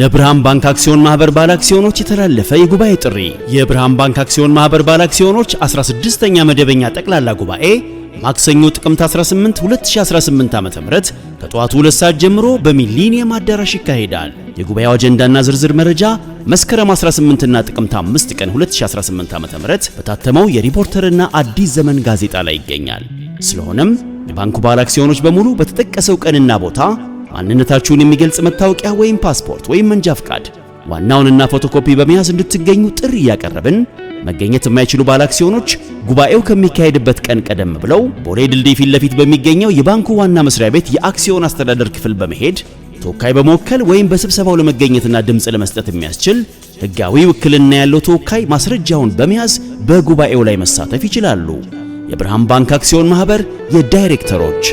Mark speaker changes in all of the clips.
Speaker 1: ለብርሃን ባንክ አክሲዮን ማህበር ባለ አክሲዮኖች የተላለፈ የጉባኤ ጥሪ የብርሃን ባንክ አክሲዮን ማህበር ባለ አክሲዮኖች 16ኛ መደበኛ ጠቅላላ ጉባኤ ማክሰኞ ጥቅምት 18 2018 ዓ.ም ከጠዋቱ 2 ሰዓት ጀምሮ በሚሊኒየም አዳራሽ ይካሄዳል። የጉባኤው አጀንዳና ዝርዝር መረጃ መስከረም 18 እና ጥቅምት 5 ቀን 2018 ዓ.ም በታተመው የሪፖርተርና አዲስ ዘመን ጋዜጣ ላይ ይገኛል። ስለሆነም የባንኩ ባለ አክሲዮኖች በሙሉ በተጠቀሰው ቀንና ቦታ ማንነታችሁን የሚገልጽ መታወቂያ ወይም ፓስፖርት ወይም መንጃ ፍቃድ ዋናውንና ፎቶኮፒ በመያዝ እንድትገኙ ጥሪ እያቀረብን መገኘት የማይችሉ ባለአክሲዮኖች ጉባኤው ከሚካሄድበት ቀን ቀደም ብለው ቦሌ ድልድይ ፊት ለፊት በሚገኘው የባንኩ ዋና መስሪያ ቤት የአክሲዮን አስተዳደር ክፍል በመሄድ ተወካይ በመወከል ወይም በስብሰባው ለመገኘትና ድምፅ ለመስጠት የሚያስችል ሕጋዊ ውክልና ያለው ተወካይ ማስረጃውን በመያዝ በጉባኤው ላይ መሳተፍ ይችላሉ። የብርሃን ባንክ አክሲዮን ማህበር የዳይሬክተሮች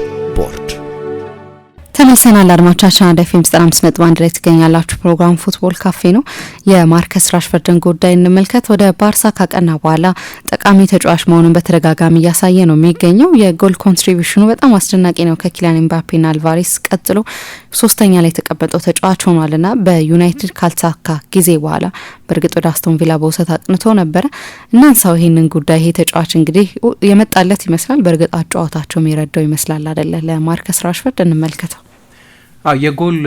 Speaker 2: ተመልሰናል አድማጮቻችን፣ አንድ ኤፍ ኤም ዘጠና አምስት ነጥብ አንድ ላይ ትገኛላችሁ። ፕሮግራም ፉትቦል ካፌ ነው። የማርከስ ራሽፈርድን ጉዳይ እንመልከት። ወደ ባርሳ ካቀና በኋላ ጠቃሚ ተጫዋች መሆኑን በተደጋጋሚ እያሳየ ነው የሚገኘው። የጎል ኮንትሪቢሽኑ በጣም አስደናቂ ነው። ከኪሊያን ኤምባፔና አልቫሬስ ቀጥሎ ሶስተኛ ላይ የተቀመጠው ተጫዋች ሆኗልና በዩናይትድ ካልሳካ ጊዜ በኋላ በእርግጥ ወደ አስቶን ቪላ በውሰት አቅንቶ ነበረ። እናንሳው ይህንን ጉዳይ። ይሄ ተጫዋች እንግዲህ የመጣለት ይመስላል። በእርግጥ አጨዋወታቸው የሚረዳው ይመስላል አደለ? ለማርከስ ራሽፈርድ እንመልከተው።
Speaker 3: የጎል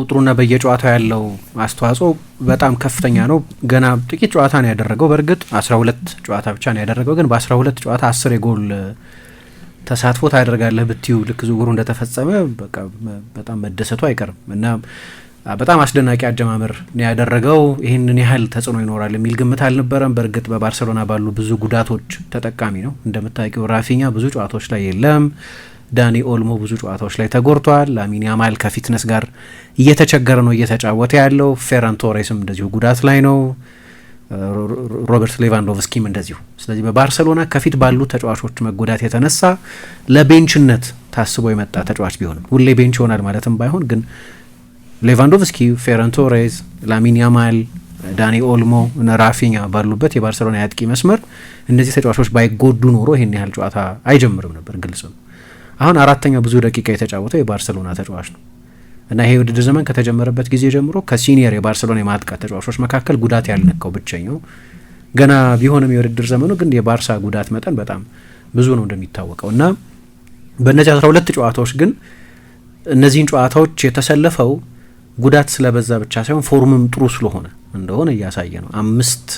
Speaker 3: ቁጥሩና በየጨዋታው ያለው አስተዋጽኦ በጣም ከፍተኛ ነው። ገና ጥቂት ጨዋታ ነው ያደረገው። በእርግጥ 12 ጨዋታ ብቻ ነው ያደረገው፣ ግን በ12 ጨዋታ 10 የጎል ተሳትፎ ታደርጋለህ ብትዩ ልክ ዝውውሩ እንደተፈጸመ በጣም መደሰቱ አይቀርም እና በጣም አስደናቂ አጀማመር ነው ያደረገው። ይህንን ያህል ተጽዕኖ ይኖራል የሚል ግምት አልነበረም። በእርግጥ በባርሰሎና ባሉ ብዙ ጉዳቶች ተጠቃሚ ነው። እንደምታውቂው ራፊኛ ብዙ ጨዋታዎች ላይ የለም። ዳኒ ኦልሞ ብዙ ጨዋታዎች ላይ ተጎድቷል። ላሚን ያማል ከፊትነስ ጋር እየተቸገረ ነው እየተጫወተ ያለው። ፌራን ቶሬስም እንደዚሁ ጉዳት ላይ ነው። ሮበርት ሌቫንዶቭስኪም እንደዚሁ። ስለዚህ በባርሰሎና ከፊት ባሉ ተጫዋቾች መጎዳት የተነሳ ለቤንችነት ታስቦ የመጣ ተጫዋች ቢሆንም ሁሌ ቤንች ይሆናል ማለትም ባይሆን ግን ሌቫንዶቭስኪ፣ ፌረን ቶሬዝ፣ ላሚን ያማል፣ ዳኒ ኦልሞ ራፊኛ ባሉበት የባርሰሎና የአጥቂ መስመር እነዚህ ተጫዋቾች ባይጎዱ ኖሮ ይህን ያህል ጨዋታ አይጀምርም ነበር። ግልጽ ነው። አሁን አራተኛው ብዙ ደቂቃ የተጫወተው የባርሰሎና ተጫዋች ነው እና ይሄ ውድድር ዘመን ከተጀመረበት ጊዜ ጀምሮ ከሲኒየር የባርሰሎና የማጥቃት ተጫዋቾች መካከል ጉዳት ያልነካው ብቸኛው ገና ቢሆንም የውድድር ዘመኑ ግን የባርሳ ጉዳት መጠን በጣም ብዙ ነው እንደሚታወቀው እና በእነዚህ ሁለት ጨዋታዎች ግን እነዚህን ጨዋታዎች የተሰለፈው ጉዳት ስለበዛ ብቻ ሳይሆን ፎርምም ጥሩ ስለሆነ እንደሆነ እያሳየ ነው። አምስት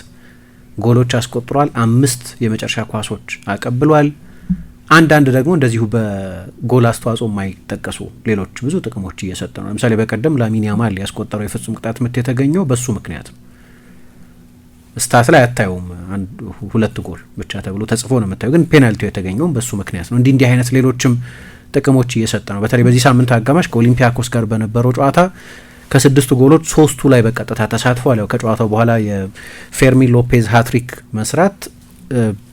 Speaker 3: ጎሎች አስቆጥሯል። አምስት የመጨረሻ ኳሶች አቀብሏል። አንዳንድ ደግሞ እንደዚሁ በጎል አስተዋጽኦ የማይጠቀሱ ሌሎች ብዙ ጥቅሞች እየሰጠ ነው። ለምሳሌ በቀደም ላሚን ያማል ያስቆጠረው የፍጹም ቅጣት ምት የተገኘው በሱ ምክንያት ነው። ስታት ላይ አታየውም፣ ሁለት ጎል ብቻ ተብሎ ተጽፎ ነው የምታየው። ግን ፔናልቲው የተገኘውም በሱ ምክንያት ነው። እንዲህ እንዲህ አይነት ሌሎችም ጥቅሞች እየሰጠ ነው። በተለይ በዚህ ሳምንት አጋማሽ ከኦሊምፒያኮስ ጋር በነበረው ጨዋታ ከስድስቱ ጎሎች ሶስቱ ላይ በቀጥታ ተሳትፏል። ያው ከጨዋታው በኋላ የፌርሚን ሎፔዝ ሀትሪክ መስራት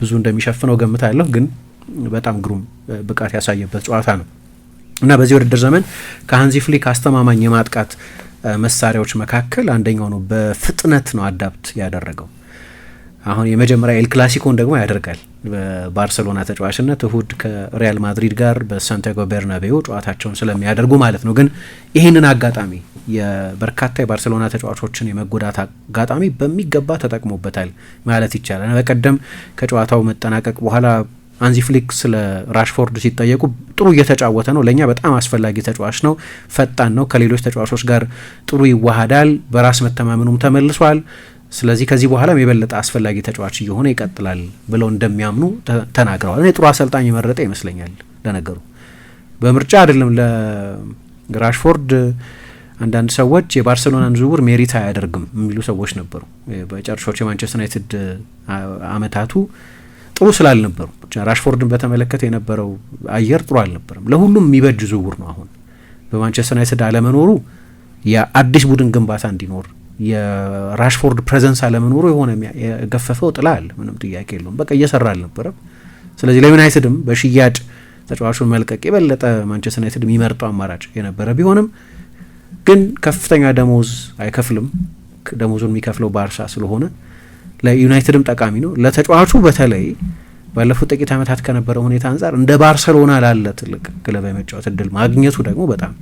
Speaker 3: ብዙ እንደሚሸፍነው ገምታለሁ ግን በጣም ግሩም ብቃት ያሳየበት ጨዋታ ነው እና በዚህ ውድድር ዘመን ከሀንዚ ፍሊክ አስተማማኝ የማጥቃት መሳሪያዎች መካከል አንደኛው ነው። በፍጥነት ነው አዳፕት ያደረገው። አሁን የመጀመሪያ ኤል ክላሲኮን ደግሞ ያደርጋል። በባርሰሎና ተጫዋችነት እሁድ ከሪያል ማድሪድ ጋር በሳንቲያጎ ቤርናቤው ጨዋታቸውን ስለሚያደርጉ ማለት ነው። ግን ይህንን አጋጣሚ የበርካታ የባርሰሎና ተጫዋቾችን የመጎዳት አጋጣሚ በሚገባ ተጠቅሞበታል ማለት ይቻላል። በቀደም ከጨዋታው መጠናቀቅ በኋላ አንዚ ፍሊክ ስለ ራሽፎርድ ሲጠየቁ ጥሩ እየተጫወተ ነው፣ ለእኛ በጣም አስፈላጊ ተጫዋች ነው፣ ፈጣን ነው፣ ከሌሎች ተጫዋቾች ጋር ጥሩ ይዋሃዳል፣ በራስ መተማመኑም ተመልሷል። ስለዚህ ከዚህ በኋላም የበለጠ አስፈላጊ ተጫዋች እየሆነ ይቀጥላል ብለው እንደሚያምኑ ተናግረዋል። እኔ ጥሩ አሰልጣኝ የመረጠ ይመስለኛል። ለነገሩ በምርጫ አይደለም ለራሽፎርድ አንዳንድ ሰዎች የባርሴሎናን ዝውውር ሜሪት አያደርግም የሚሉ ሰዎች ነበሩ። በጨርሾች የማንቸስተር ዩናይትድ አመታቱ ጥሩ ስላልነበሩ ራሽፎርድን በተመለከተ የነበረው አየር ጥሩ አልነበረም። ለሁሉም የሚበጅ ዝውውር ነው። አሁን በማንቸስተር ዩናይትድ አለመኖሩ የአዲስ ቡድን ግንባታ እንዲኖር የራሽፎርድ ፕሬዘንስ አለመኖሩ የሆነ የገፈፈው ጥላ አለ። ምንም ጥያቄ የለውም። በቃ እየሰራ አልነበረም። ስለዚህ ለዩናይትድም በሽያጭ ተጫዋቹን መልቀቅ የበለጠ ማንቸስተር ዩናይትድ የሚመርጠው አማራጭ የነበረ ቢሆንም ግን ከፍተኛ ደሞዝ አይከፍልም። ደሞዙን የሚከፍለው ባርሳ ስለሆነ ለዩናይትድም ጠቃሚ ነው። ለተጫዋቹ በተለይ ባለፉት ጥቂት ዓመታት ከነበረው ሁኔታ አንጻር እንደ ባርሰሎና ላለ ትልቅ ክለብ የመጫወት እድል ማግኘቱ ደግሞ በጣም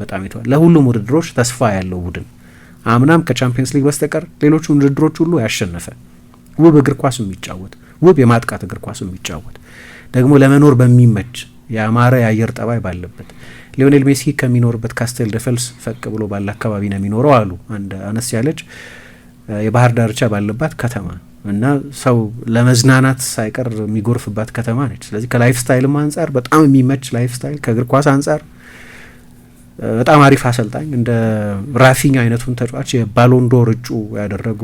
Speaker 3: በጣም ይተዋል። ለሁሉም ውድድሮች ተስፋ ያለው ቡድን አምናም ከቻምፒየንስ ሊግ በስተቀር ሌሎቹን ውድድሮች ሁሉ ያሸነፈ ውብ እግር ኳስ የሚጫወት ውብ የማጥቃት እግር ኳስ የሚጫወት ደግሞ ለመኖር በሚመች የአማረ የአየር ጠባይ ባለበት ሊዮኔል ሜሲ ከሚኖርበት ካስቴል ደፈልስ ፈቅ ብሎ ባለ አካባቢ ነው የሚኖረው አሉ አንድ አነስ ያለች የባህር ዳርቻ ባለባት ከተማ እና ሰው ለመዝናናት ሳይቀር የሚጎርፍባት ከተማ ነች። ስለዚህ ከላይፍ ስታይልም አንጻር በጣም የሚመች ላይፍ ስታይል፣ ከእግር ኳስ አንጻር በጣም አሪፍ አሰልጣኝ እንደ ራፊኝ አይነቱን ተጫዋች የባሎንዶር እጩ ያደረጉ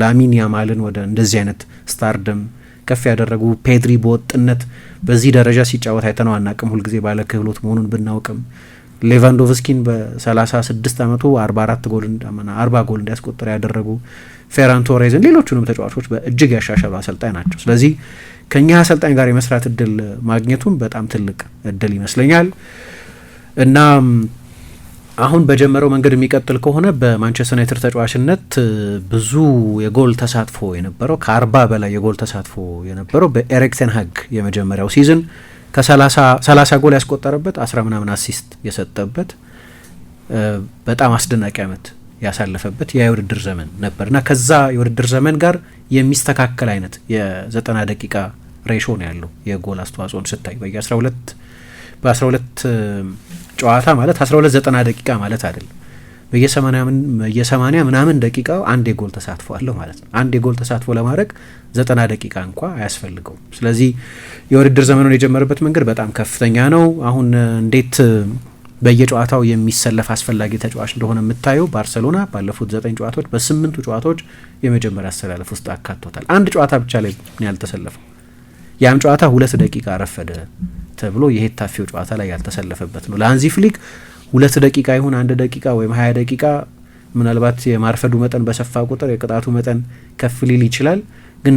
Speaker 3: ላሚን ያማልን ወደ እንደዚህ አይነት ስታርደም ከፍ ያደረጉ ፔድሪ በወጥነት በዚህ ደረጃ ሲጫወት አይተነው አናቅም። ሁልጊዜ ባለ ክህሎት መሆኑን ብናውቅም ሌቫንዶቭስኪን በ36 ዓመቱ 44 ጎል 40 ጎል እንዲያስቆጠረ ያደረጉ ፌራን ቶሬዝን ሌሎቹንም ተጫዋቾች በእጅግ ያሻሻሉ አሰልጣኝ ናቸው። ስለዚህ ከኛ አሰልጣኝ ጋር የመስራት እድል ማግኘቱም በጣም ትልቅ እድል ይመስለኛል እና አሁን በጀመረው መንገድ የሚቀጥል ከሆነ በማንቸስተር ዩናይትድ ተጫዋችነት ብዙ የጎል ተሳትፎ የነበረው ከአርባ በላይ የጎል ተሳትፎ የነበረው በኤሪክ ቴን የመጀመሪያው ሲዝን ከሰላሳ ጎል ያስቆጠረበት አስራ ምናምን አሲስት የሰጠበት በጣም አስደናቂ አመት ያሳለፈበት የውድድር ዘመን ነበር እና ከዛ የውድድር ዘመን ጋር የሚስተካከል አይነት የዘጠና ደቂቃ ሬሾ ነው ያለው የጎል አስተዋጽኦን ስታይ በየ አስራ ሁለት በአስራ ሁለት ጨዋታ ማለት አስራ ሁለት ዘጠና ደቂቃ ማለት አይደለም በየሰማኒያ ምናምን ደቂቃው አንድ የጎል ተሳትፎ አለው ማለት ነው። አንድ የጎል ተሳትፎ ለማድረግ ዘጠና ደቂቃ እንኳ አያስፈልገውም። ስለዚህ የውድድር ዘመኑን የጀመረበት መንገድ በጣም ከፍተኛ ነው። አሁን እንዴት በየጨዋታው የሚሰለፍ አስፈላጊ ተጫዋች እንደሆነ የምታየው ባርሰሎና ባለፉት ዘጠኝ ጨዋታዎች በስምንቱ ጨዋታዎች የመጀመሪያ አሰላለፍ ውስጥ አካቶታል። አንድ ጨዋታ ብቻ ላይ ያልተሰለፈው ያም ጨዋታ ሁለት ደቂቃ ረፈደ ተብሎ የሄታፌው ጨዋታ ላይ ያልተሰለፈበት ነው። ለአንዚ ፍሊክ ሁለት ደቂቃ ይሁን አንድ ደቂቃ ወይም ሀያ ደቂቃ ምናልባት የማርፈዱ መጠን በሰፋ ቁጥር የቅጣቱ መጠን ከፍ ሊል ይችላል። ግን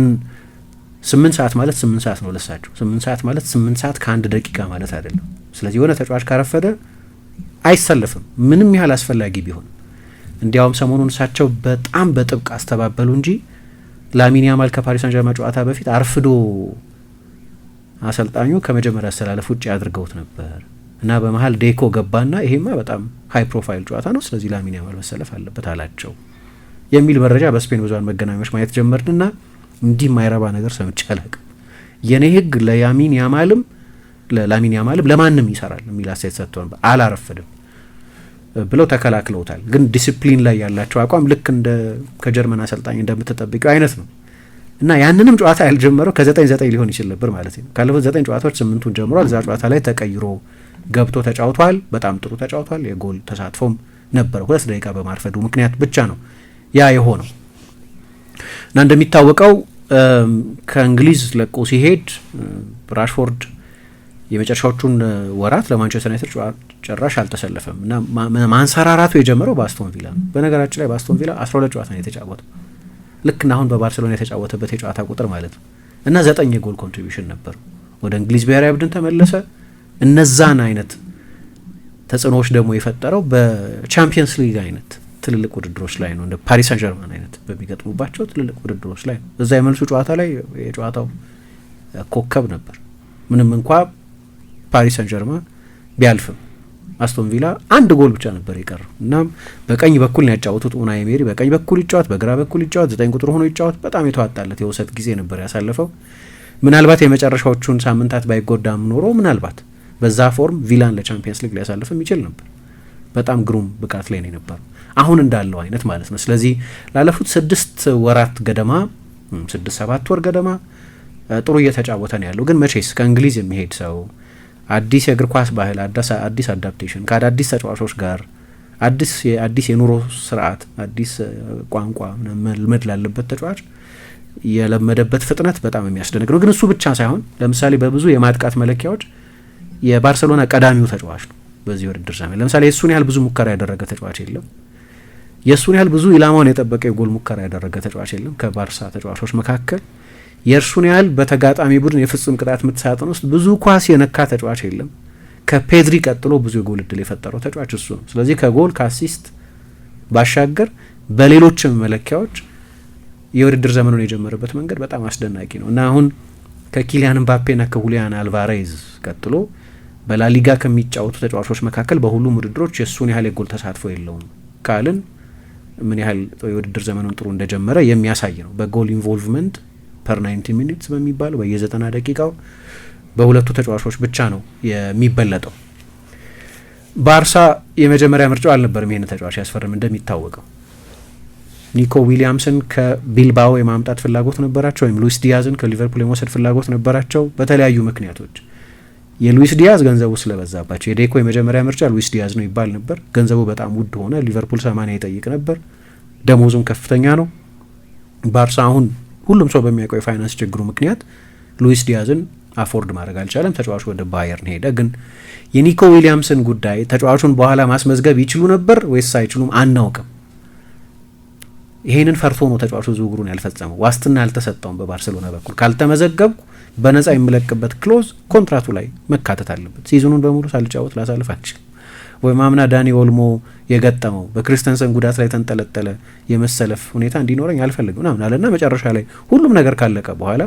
Speaker 3: ስምንት ሰዓት ማለት ስምንት ሰዓት ነው ለሳቸው። ስምንት ሰዓት ማለት ስምንት ሰዓት ከአንድ ደቂቃ ማለት አይደለም። ስለዚህ የሆነ ተጫዋች ካረፈደ አይሰለፍም ምንም ያህል አስፈላጊ ቢሆን። እንዲያውም ሰሞኑን እሳቸው በጣም በጥብቅ አስተባበሉ እንጂ ላሚን ያማል ከፓሪስ አንጀርማ ጨዋታ በፊት አርፍዶ አሰልጣኙ ከመጀመሪያ አሰላለፍ ውጭ አድርገውት ነበር። እና በመሀል ዴኮ ገባና ይሄማ በጣም ሀይ ፕሮፋይል ጨዋታ ነው፣ ስለዚህ ላሚን ያማል መሰለፍ አለበት አላቸው የሚል መረጃ በስፔን ብዙሃን መገናኛዎች ማየት ጀመርንና እንዲህ የማይረባ ነገር ሰምቼ አላቅም። የኔ ህግ ለያሚን ያማልም ለላሚን ያማልም ለማንም ይሰራል የሚል አስተያየት ሰጥተው ነበር። አላረፍድም ብለው ተከላክለውታል። ግን ዲሲፕሊን ላይ ያላቸው አቋም ልክ እንደ ከጀርመን አሰልጣኝ እንደምትጠብቂው አይነት ነው እና ያንንም ጨዋታ ያልጀመረው ከዘጠኝ ዘጠኝ ሊሆን ይችል ነበር ማለት ነው። ካለፉት ዘጠኝ ጨዋታዎች ስምንቱን ጀምሯል። እዛ ጨዋታ ላይ ተቀይሮ ገብቶ ተጫውቷል። በጣም ጥሩ ተጫውቷል። የጎል ተሳትፎም ነበረው። ሁለት ደቂቃ በማርፈዱ ምክንያት ብቻ ነው ያ የሆነው እና እንደሚታወቀው ከእንግሊዝ ለቆ ሲሄድ ራሽፎርድ የመጨረሻዎቹን ወራት ለማንቸስተር ዩናይትድ ጨራሽ አልተሰለፈም እና ማንሰራራቱ የጀመረው በአስቶን ቪላ ነው። በነገራችን ላይ በአስቶን ቪላ 12 ጨዋታ ነው የተጫወተው ልክ አሁን በባርሴሎና የተጫወተበት የጨዋታ ቁጥር ማለት ነው እና ዘጠኝ የጎል ኮንትሪቢሽን ነበሩ። ወደ እንግሊዝ ብሔራዊ ቡድን ተመለሰ። እነዛን አይነት ተጽዕኖዎች ደግሞ የፈጠረው በቻምፒየንስ ሊግ አይነት ትልልቅ ውድድሮች ላይ ነው። እንደ ፓሪስ ሳን ጀርማን አይነት በሚገጥሙባቸው ትልልቅ ውድድሮች ላይ ነው። እዛ የመልሱ ጨዋታ ላይ የጨዋታው ኮከብ ነበር። ምንም እንኳ ፓሪስ ሳን ጀርማን ቢያልፍም አስቶን ቪላ አንድ ጎል ብቻ ነበር የቀረው። እናም በቀኝ በኩል ነው ያጫወቱት። ኡናይ ኤሜሪ በቀኝ በኩል ይጫወት፣ በግራ በኩል ይጫወት፣ ዘጠኝ ቁጥር ሆኖ ይጫወት። በጣም የተዋጣለት የውሰት ጊዜ ነበር ያሳለፈው። ምናልባት የመጨረሻዎቹን ሳምንታት ባይጎዳም ኖሮ ምናልባት በዛ ፎርም ቪላን ለቻምፒየንስ ሊግ ሊያሳልፍ የሚችል ነበር። በጣም ግሩም ብቃት ላይ ነው የነበረው አሁን እንዳለው አይነት ማለት ነው። ስለዚህ ላለፉት ስድስት ወራት ገደማ ስድስት ሰባት ወር ገደማ ጥሩ እየተጫወተ ነው ያለው። ግን መቼስ ከእንግሊዝ የሚሄድ ሰው አዲስ የእግር ኳስ ባህል፣ አዲስ አዳፕቴሽን ከአዳዲስ ተጫዋቾች ጋር አዲስ አዲስ የኑሮ ስርዓት፣ አዲስ ቋንቋ መልመድ ላለበት ተጫዋች የለመደበት ፍጥነት በጣም የሚያስደንቅ ነው። ግን እሱ ብቻ ሳይሆን ለምሳሌ በብዙ የማጥቃት መለኪያዎች የባርሰሎና ቀዳሚው ተጫዋች ነው በዚህ ውድድር ዘመን። ለምሳሌ የእሱን ያህል ብዙ ሙከራ ያደረገ ተጫዋች የለም። የእሱን ያህል ብዙ ኢላማውን የጠበቀ የጎል ሙከራ ያደረገ ተጫዋች የለም ከባርሳ ተጫዋቾች መካከል። የእርሱን ያህል በተጋጣሚ ቡድን የፍጹም ቅጣት ምት ሳጥን ውስጥ ብዙ ኳስ የነካ ተጫዋች የለም። ከፔድሪ ቀጥሎ ብዙ የጎል እድል የፈጠረው ተጫዋች እሱ ነው። ስለዚህ ከጎል ከአሲስት ባሻገር በሌሎችም መለኪያዎች የውድድር ዘመኑን የጀመረበት መንገድ በጣም አስደናቂ ነው እና አሁን ከኪሊያን ምባፔና ከሁሊያን አልቫሬዝ ቀጥሎ በላሊጋ ከሚጫወቱ ተጫዋቾች መካከል በሁሉም ውድድሮች የእሱን ያህል የጎል ተሳትፎ የለውም ካልን ምን ያህል የውድድር ዘመኑን ጥሩ እንደጀመረ የሚያሳይ ነው። በጎል ኢንቮልቭመንት ፐር 90 ሚኒትስ በሚባለው በየ ደቂቃው በሁለቱ ተጫዋቾች ብቻ ነው የሚበለጠው። ባርሳ የመጀመሪያ ምርጫው አልነበርም ይህን ተጫዋች ያስፈርም። እንደሚታወቀው ኒኮ ዊሊያምስን ከቢልባኦ የማምጣት ፍላጎት ነበራቸው፣ ወይም ሉዊስ ዲያዝን ከሊቨርፑል የመውሰድ ፍላጎት ነበራቸው በተለያዩ ምክንያቶች የሉዊስ ዲያዝ ገንዘቡ ስለበዛባቸው የዴኮ የመጀመሪያ ምርጫ ሉዊስ ዲያዝ ነው ይባል ነበር። ገንዘቡ በጣም ውድ ሆነ። ሊቨርፑል ሰማንያ ይጠይቅ ነበር። ደሞዙም ከፍተኛ ነው። ባርሳ አሁን ሁሉም ሰው በሚያውቀው የፋይናንስ ችግሩ ምክንያት ሉዊስ ዲያዝን አፎርድ ማድረግ አልቻለም። ተጫዋቹ ወደ ባየርን ሄደ። ግን የኒኮ ዊሊያምስን ጉዳይ ተጫዋቹን በኋላ ማስመዝገብ ይችሉ ነበር ወይስ አይችሉም አናውቅም። ይሄንን ፈርቶ ነው ተጫዋቹ ዝውውሩን ያልፈጸመው። ዋስትና አልተሰጠውም። በባርሴሎና በኩል ካልተመዘገብኩ በነጻ የምለቅበት ክሎዝ ኮንትራቱ ላይ መካተት አለበት። ሲዝኑን በሙሉ ሳልጫወት ላሳልፍ አልችልም። ወይም አምና ዳኒ ኦልሞ የገጠመው በክሪስተንሰን ጉዳት ላይ ተንጠለጠለ የመሰለፍ ሁኔታ እንዲኖረኝ አልፈልግም ምናምን አለና መጨረሻ ላይ ሁሉም ነገር ካለቀ በኋላ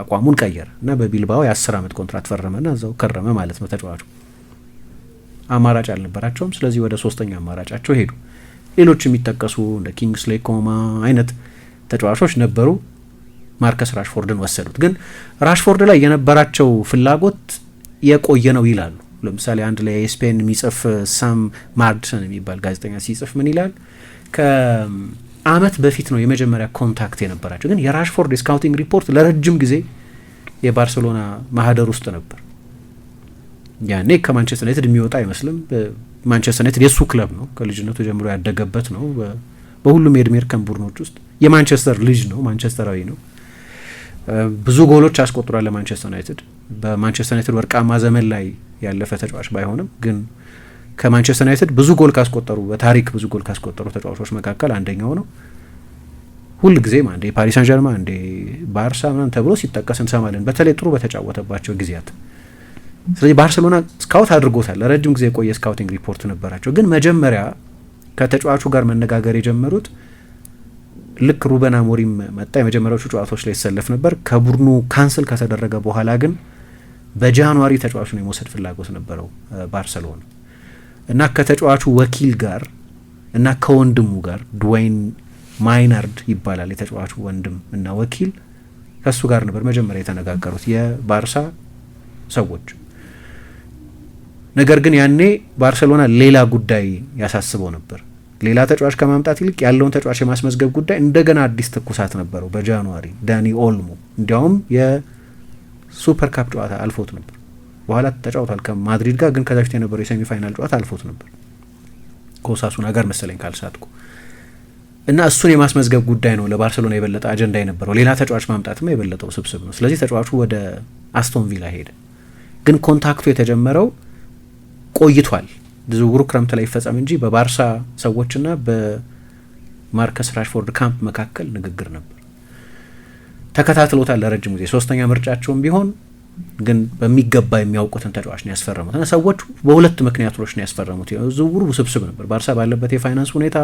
Speaker 3: አቋሙን ቀየረ እና በቢልባኦ የአስር ዓመት ኮንትራት ፈረመና እዛው ከረመ ማለት ነው። ተጫዋቹ አማራጭ አልነበራቸውም። ስለዚህ ወደ ሶስተኛ አማራጫቸው ሄዱ። ሌሎች የሚጠቀሱ እንደ ኪንግስሌ ኮማ አይነት ተጫዋቾች ነበሩ። ማርከስ ራሽፎርድን ወሰዱት። ግን ራሽፎርድ ላይ የነበራቸው ፍላጎት የቆየ ነው ይላሉ። ለምሳሌ አንድ ላይ የስፔን የሚጽፍ ሳም ማርድሰን የሚባል ጋዜጠኛ ሲጽፍ ምን ይላል? ከአመት በፊት ነው የመጀመሪያ ኮንታክት የነበራቸው። ግን የራሽፎርድ የስካውቲንግ ሪፖርት ለረጅም ጊዜ የባርሴሎና ማህደር ውስጥ ነበር። ያኔ ከማንቸስተር ዩናይትድ የሚወጣ አይመስልም። ማንቸስተር ዩናይትድ የእሱ ክለብ ነው። ከልጅነቱ ጀምሮ ያደገበት ነው። በሁሉም የእድሜ እርከን ቡድኖች ውስጥ የማንቸስተር ልጅ ነው። ማንቸስተራዊ ነው። ብዙ ጎሎች አስቆጥሯል ለማንቸስተር ዩናይትድ። በማንቸስተር ዩናይትድ ወርቃማ ዘመን ላይ ያለፈ ተጫዋች ባይሆንም ግን ከማንቸስተር ዩናይትድ ብዙ ጎል ካስቆጠሩ በታሪክ ብዙ ጎል ካስቆጠሩ ተጫዋቾች መካከል አንደኛው ነው። ሁል ጊዜም አንዴ ፓሪስ አንጀርማ እንዴ ባርሳ ምናምን ተብሎ ሲጠቀስ እንሰማለን፣ በተለይ ጥሩ በተጫወተባቸው ጊዜያት። ስለዚህ ባርሴሎና ስካውት አድርጎታል፣ ለረጅም ጊዜ የቆየ ስካውቲንግ ሪፖርት ነበራቸው። ግን መጀመሪያ ከተጫዋቹ ጋር መነጋገር የጀመሩት ልክ ሩበን አሞሪም መጣ የመጀመሪያዎቹ ጨዋታዎች ላይ ይሰለፍ ነበር። ከቡድኑ ካንስል ከተደረገ በኋላ ግን በጃንዋሪ ተጫዋቹን የመውሰድ ፍላጎት ነበረው ባርሰሎና እና ከተጫዋቹ ወኪል ጋር እና ከወንድሙ ጋር ድዋይን ማይናርድ ይባላል የተጫዋቹ ወንድም እና ወኪል ከሱ ጋር ነበር መጀመሪያ የተነጋገሩት የባርሳ ሰዎች። ነገር ግን ያኔ ባርሰሎና ሌላ ጉዳይ ያሳስበው ነበር። ሌላ ተጫዋች ከማምጣት ይልቅ ያለውን ተጫዋች የማስመዝገብ ጉዳይ እንደገና አዲስ ትኩሳት ነበረው። በጃንዋሪ ዳኒ ኦልሞ እንዲያውም የሱፐር ካፕ ጨዋታ አልፎት ነበር። በኋላ ተጫውቷል ከማድሪድ ጋር ግን ከዛ ፊት የነበረው የሴሚ ጨዋታ አልፎት ነበር ከኦሳሱና ጋር መሰለኝ ካልሳትኩ እና እሱን የማስመዝገብ ጉዳይ ነው ለባርሰሎና የበለጠ አጀንዳ የነበረው። ሌላ ተጫዋች ማምጣትማ የበለጠው ስብስብ ነው። ስለዚህ ተጫዋቹ ወደ አስቶን ቪላ ሄደ። ግን ኮንታክቱ የተጀመረው ቆይቷል። ዝውውሩ ክረምት ላይ ይፈጸም እንጂ በባርሳ ሰዎችና በማርከስ ራሽፎርድ ካምፕ መካከል ንግግር ነበር። ተከታትሎታል ለረጅም ጊዜ። ሶስተኛ ምርጫቸውም ቢሆን ግን በሚገባ የሚያውቁትን ተጫዋች ነው ያስፈረሙት እና ሰዎች በሁለት ምክንያቶች ነው ያስፈረሙት። ዝውውሩ ውስብስብ ነበር። ባርሳ ባለበት የፋይናንስ ሁኔታ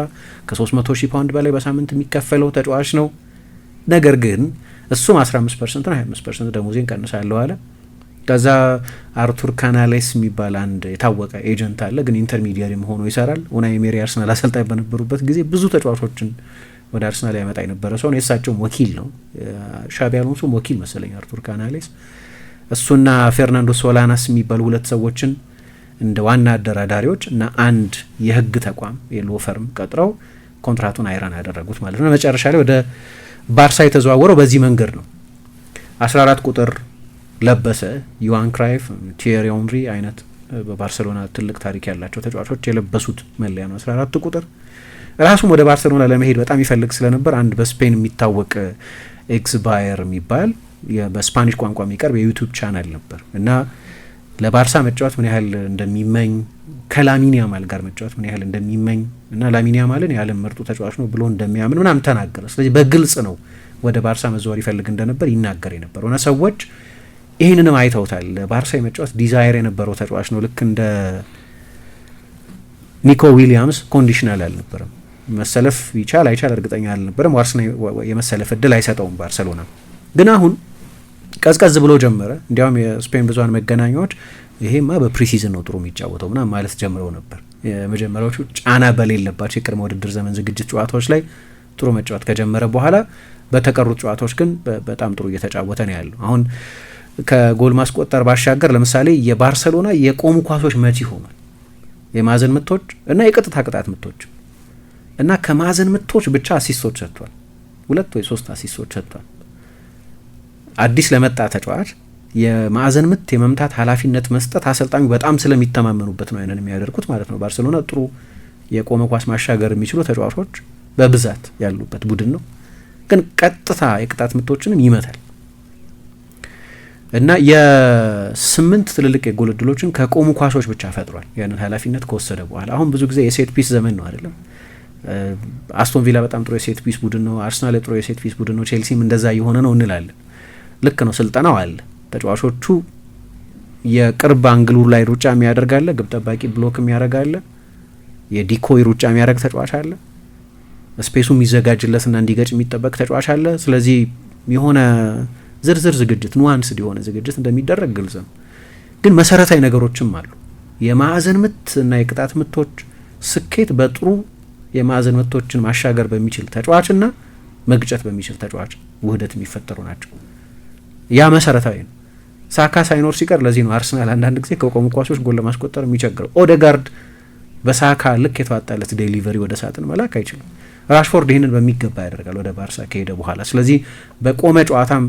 Speaker 3: ከ300 ሺህ ፓውንድ በላይ በሳምንት የሚከፈለው ተጫዋች ነው። ነገር ግን እሱም 15 ፐርሰንት ነው 25 ፐርሰንት ደሞዜን ቀንሳለሁ አለ። ከዛ አርቱር ካናሌስ የሚባል አንድ የታወቀ ኤጀንት አለ፣ ግን ኢንተርሚዲየሪም ሆኖ ይሰራል። ኡናይ ኤመሪ አርሰናል አሰልጣኝ በነበሩበት ጊዜ ብዙ ተጫዋቾችን ወደ አርሰናል ያመጣ የነበረ ሲሆን የእሳቸውም ወኪል ነው። ሻቢ አሎንሶም ወኪል መሰለኝ አርቱር ካናሌስ። እሱና ፌርናንዶ ሶላናስ የሚባሉ ሁለት ሰዎችን እንደ ዋና አደራዳሪዎች እና አንድ የህግ ተቋም የሎፈርም ቀጥረው ኮንትራቱን አይረን ያደረጉት ማለት ነው። መጨረሻ ላይ ወደ ባርሳ የተዘዋወረው በዚህ መንገድ ነው። 14 ቁጥር ለበሰ፣ ዮሃን ክራይፍ፣ ቲየሪ ኦንሪ አይነት በባርሰሎና ትልቅ ታሪክ ያላቸው ተጫዋቾች የለበሱት መለያ ነው። አስራ አራት ቁጥር ራሱም ወደ ባርሰሎና ለመሄድ በጣም ይፈልግ ስለነበር አንድ በስፔን የሚታወቅ ኤክስ ባየር የሚባል በስፓኒሽ ቋንቋ የሚቀርብ የዩቱብ ቻናል ነበር እና ለባርሳ መጫወት ምን ያህል እንደሚመኝ ከላሚን ያማል ጋር መጫወት ምን ያህል እንደሚመኝ እና ላሚን ያማልን የዓለም ምርጡ ተጫዋች ነው ብሎ እንደሚያምን ምናምን ተናገረ። ስለዚህ በግልጽ ነው ወደ ባርሳ መዘወር ይፈልግ እንደነበር ይናገር የነበረው እና ሰዎች ይህንንም አይተውታል። ባርሳ የመጫወት ዲዛይር የነበረው ተጫዋች ነው። ልክ እንደ ኒኮ ዊሊያምስ ኮንዲሽናል አልነበረም። መሰለፍ ይቻል አይቻል እርግጠኛ አልነበረም። ዋርስና የመሰለፍ እድል አይሰጠውም። ባርሰሎና ግን አሁን ቀዝቀዝ ብሎ ጀመረ። እንዲያውም የስፔን ብዙሃን መገናኛዎች ይሄማ በፕሪሲዝን ነው ጥሩ የሚጫወተው ምናምን ማለት ጀምረው ነበር። የመጀመሪያዎቹ ጫና በሌለባቸው የቅድመ ውድድር ዘመን ዝግጅት ጨዋታዎች ላይ ጥሩ መጫወት ከጀመረ በኋላ በተቀሩት ጨዋታዎች ግን በጣም ጥሩ እየተጫወተ ነው ያለው አሁን ከጎል ማስቆጠር ባሻገር ለምሳሌ የባርሰሎና የቆሙ ኳሶች መቺ ሆኗል። የማዘን ምቶች እና የቀጥታ ቅጣት ምቶች እና ከማዕዘን ምቶች ብቻ አሲስቶች ሰጥቷል። ሁለት ወይ ሶስት አሲስቶች ሰጥቷል። አዲስ ለመጣ ተጫዋች የማዕዘን ምት የመምታት ኃላፊነት መስጠት አሰልጣኙ በጣም ስለሚተማመኑበት ነው ያንን የሚያደርጉት ማለት ነው። ባርሰሎና ጥሩ የቆመ ኳስ ማሻገር የሚችሉ ተጫዋቾች በብዛት ያሉበት ቡድን ነው፣ ግን ቀጥታ የቅጣት ምቶችንም ይመታል። እና የስምንት ትልልቅ የጎል እድሎችን ከቆሙ ኳሶች ብቻ ፈጥሯል። ያንን ኃላፊነት ከወሰደ በኋላ አሁን ብዙ ጊዜ የሴት ፒስ ዘመን ነው አይደለም። አስቶን ቪላ በጣም ጥሩ የሴት ፒስ ቡድን ነው፣ አርሰናል ጥሩ የሴት ፒስ ቡድን ነው፣ ቼልሲም እንደዛ የሆነ ነው እንላለን። ልክ ነው፣ ስልጠናው አለ። ተጫዋቾቹ የቅርብ አንግሉ ላይ ሩጫ የሚያደርጋለ፣ ግብ ጠባቂ ብሎክ የሚያደርግ የዲኮይ ሩጫ የሚያደርግ ተጫዋች አለ፣ ስፔሱ የሚዘጋጅለትና እንዲገጭ የሚጠበቅ ተጫዋች አለ። ስለዚህ የሆነ ዝርዝር ዝግጅት ኑዋንስድ የሆነ ዝግጅት እንደሚደረግ ግልጽ ነው። ግን መሰረታዊ ነገሮችም አሉ። የማዕዘን ምት እና የቅጣት ምቶች ስኬት በጥሩ የማዕዘን ምቶችን ማሻገር በሚችል ተጫዋችና መግጨት በሚችል ተጫዋች ውህደት የሚፈጠሩ ናቸው። ያ መሰረታዊ ነው። ሳካ ሳይኖር ሲቀር ለዚህ ነው አርሰናል አንዳንድ ጊዜ ከቆሙ ኳሶች ጎል ለማስቆጠር የሚቸግረው። ኦደጋርድ በሳካ ልክ የተዋጣለት ዴሊቨሪ ወደ ሳጥን መላክ አይችልም። ራሽፎርድ ይህንን በሚገባ ያደርጋል ወደ ባርሳ ከሄደ በኋላ። ስለዚህ በቆመ ጨዋታም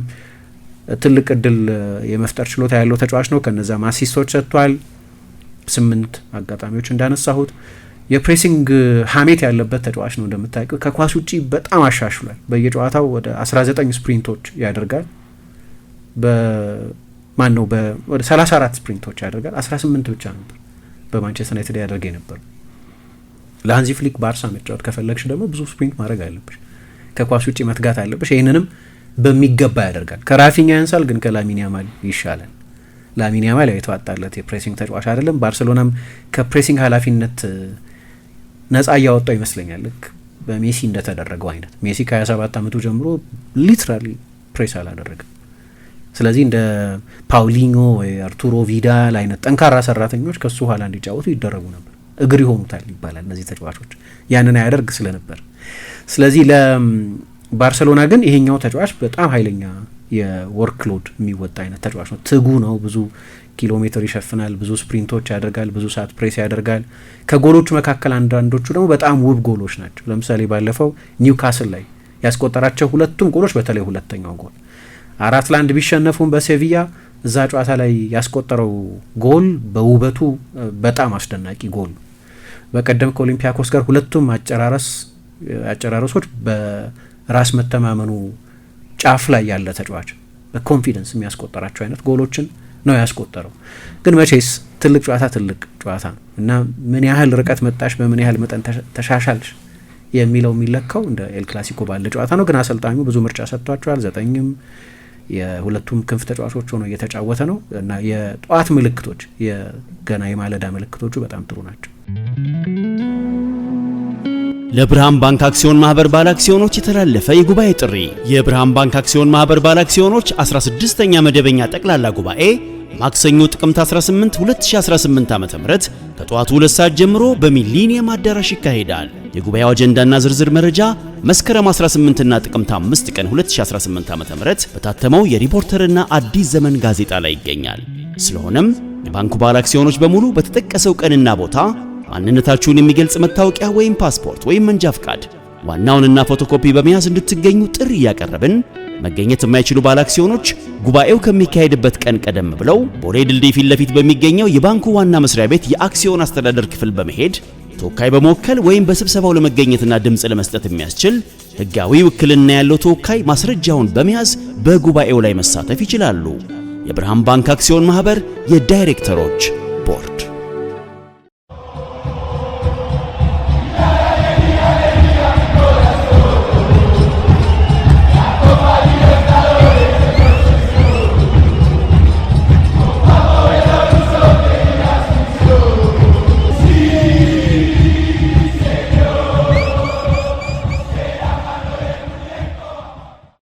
Speaker 3: ትልቅ እድል የመፍጠር ችሎታ ያለው ተጫዋች ነው። ከነዛ አሲስቶች ሰጥቷል፣ ስምንት አጋጣሚዎች እንዳነሳሁት። የፕሬሲንግ ሀሜት ያለበት ተጫዋች ነው። እንደምታውቀው ከኳስ ውጪ በጣም አሻሽሏል። በየጨዋታው ወደ 19 ስፕሪንቶች ያደርጋል። በማን ነው ወደ 34 ስፕሪንቶች ያደርጋል። 18 ብቻ ነበር በማንቸስተር ዩናይትድ ያደርገ የነበሩ። ለሃንዚ ፍሊክ ባርሳ መጫወት ከፈለግሽ ደግሞ ብዙ ስፕሪንት ማድረግ አለብሽ፣ ከኳስ ውጪ መትጋት አለብሽ። ይህንንም በሚገባ ያደርጋል። ከራፊኛ ያንሳል፣ ግን ከላሚን ያማል ይሻላል። ላሚን ያማል ያው የተዋጣለት የፕሬሲንግ ተጫዋች አይደለም። ባርሴሎናም ከፕሬሲንግ ኃላፊነት ነጻ እያወጣው ይመስለኛል። ልክ በሜሲ እንደተደረገው አይነት ሜሲ ከ27 ዓመቱ ጀምሮ ሊትራሊ ፕሬስ አላደረግም። ስለዚህ እንደ ፓውሊኞ ወይ አርቱሮ ቪዳል አይነት ጠንካራ ሰራተኞች ከሱ ኋላ እንዲጫወቱ ይደረጉ ነበር። እግር ይሆኑታል ይባላል እነዚህ ተጫዋቾች ያንን አያደርግ ስለነበር ስለዚህ ባርሰሎና ግን ይሄኛው ተጫዋች በጣም ኃይለኛ የወርክሎድ የሚወጣ አይነት ተጫዋች ነው። ትጉ ነው። ብዙ ኪሎ ሜትር ይሸፍናል፣ ብዙ ስፕሪንቶች ያደርጋል፣ ብዙ ሰዓት ፕሬስ ያደርጋል። ከጎሎቹ መካከል አንዳንዶቹ ደግሞ በጣም ውብ ጎሎች ናቸው። ለምሳሌ ባለፈው ኒውካስል ላይ ያስቆጠራቸው ሁለቱም ጎሎች በተለይ ሁለተኛው ጎል አራት ለአንድ ቢሸነፉም በሴቪያ እዛ ጨዋታ ላይ ያስቆጠረው ጎል በውበቱ በጣም አስደናቂ ጎል። በቀደም ከኦሊምፒያኮስ ጋር ሁለቱም አጨራረስ አጨራረሶች ራስ መተማመኑ ጫፍ ላይ ያለ ተጫዋች በኮንፊደንስ የሚያስቆጠራቸው አይነት ጎሎችን ነው ያስቆጠረው። ግን መቼስ ትልቅ ጨዋታ ትልቅ ጨዋታ ነው እና ምን ያህል ርቀት መጣሽ፣ በምን ያህል መጠን ተሻሻልሽ የሚለው የሚለካው እንደ ኤል ክላሲኮ ባለ ጨዋታ ነው። ግን አሰልጣኙ ብዙ ምርጫ ሰጥቷቸዋል። ዘጠኝም የሁለቱም ክንፍ ተጫዋቾች ሆኖ እየተጫወተ ነው እና የጠዋት ምልክቶች የገና የማለዳ ምልክቶቹ በጣም ጥሩ ናቸው።
Speaker 1: ለብርሃን ባንክ አክሲዮን ማህበር ባለ አክሲዮኖች የተላለፈ የጉባኤ ጥሪ የብርሃን ባንክ አክሲዮን ማህበር ባለ አክሲዮኖች 16ኛ መደበኛ ጠቅላላ ጉባኤ ማክሰኞ ጥቅምት 18 2018 ዓ.ም ከጠዋቱ 2 ሰዓት ጀምሮ በሚሊኒየም አዳራሽ ይካሄዳል። የጉባኤው አጀንዳና ዝርዝር መረጃ መስከረም 18 እና ጥቅምት 5 ቀን 2018 ዓ.ም በታተመው የሪፖርተርና አዲስ ዘመን ጋዜጣ ላይ ይገኛል። ስለሆነም የባንኩ ባለ አክሲዮኖች በሙሉ በተጠቀሰው ቀንና ቦታ ማንነታችሁን የሚገልጽ መታወቂያ ወይም ፓስፖርት ወይም መንጃ ፍቃድ ዋናውንና ፎቶኮፒ በመያዝ እንድትገኙ ጥሪ እያቀረብን መገኘት የማይችሉ ባለአክሲዮኖች ጉባኤው ከሚካሄድበት ቀን ቀደም ብለው ቦሌ ድልድይ ፊት ለፊት በሚገኘው የባንኩ ዋና መስሪያ ቤት የአክሲዮን አስተዳደር ክፍል በመሄድ ተወካይ በመወከል ወይም በስብሰባው ለመገኘትና ድምፅ ለመስጠት የሚያስችል ሕጋዊ ውክልና ያለው ተወካይ ማስረጃውን በመያዝ በጉባኤው ላይ መሳተፍ ይችላሉ። የብርሃን ባንክ አክሲዮን ማህበር የዳይሬክተሮች ቦርድ